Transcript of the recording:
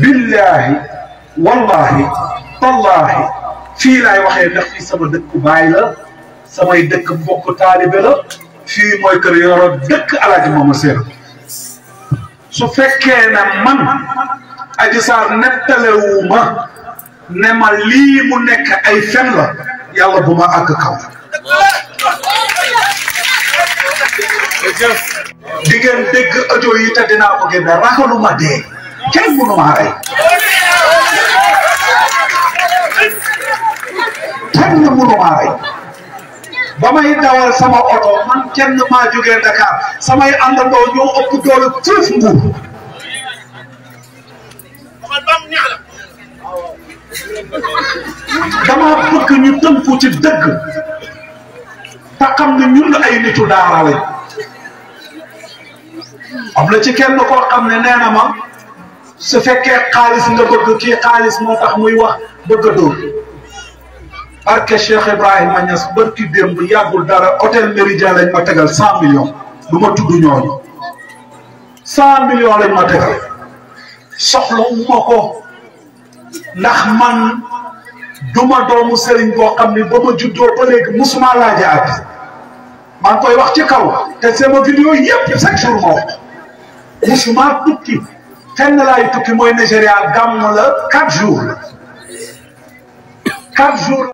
billaahi wallaahi tallaahi fii laay waxee ndax fii sama dëkk baay la samay dëkk mbokk taalibe la fii mooy kër yoro dëkk alaaji mooma seen su fekkee ne man aji saar nettalewuma ne ma lii nekk ay fen la bu ma àgg kaw di ngeen dégg audio yi te dinaa ko génne raxalu ma dee kenn mënu maa rey kenn mënu maa ba may dawal sama oto man kenn maa jógee Dakar samay àndandoo ñoo ëpp doole tuuf nguur dama bëgg ñu tënku ci dëgg te xam ne ñun ay nitu daara lañ am ci kenn koo xam ne nee na su fekkee xaalis nga bëgg kii xaalis moo tax muy wax bëgg a dóor barke Cheikh Ibrahima ba bërki démb yàggul dara hôtel Méridien lañ ma tegal cent du ma tudd ñooñu cent lañ ma tegal soxla wu ma ko ndax man du doomu sëriñ boo xam ne ba ma juddoo ba léegi musuma laaja addi maa ngi koy wax ci kaw te sama vidéo yëpp chaque jour moo tukki fenn laay tukki mooy Nigéria gàmm la quatre jours quatre jours